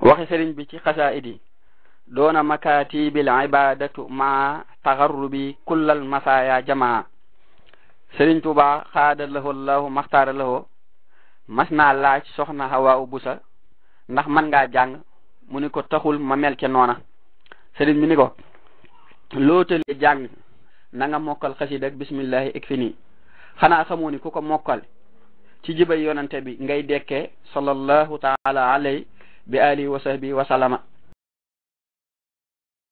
waxi sëriñ bi ci xasaa'id yi doona makaatibil ibadatu ma taxarrubi kullal masaaya jamaa sëriñ tuba xaada lahu allahu maxtaara lahu mas soxna hawa u busa ndax man nga jang mu ko taxul ma mel ca noona sëriñ bi ni ko lootalee jàng na nga mokal xasid ak bismillahi ik fi nii xanaa ni ku ko mokkal ci jibay yonante bi ngay dekkee sallallahu taala alay بآله وصحبه وسلم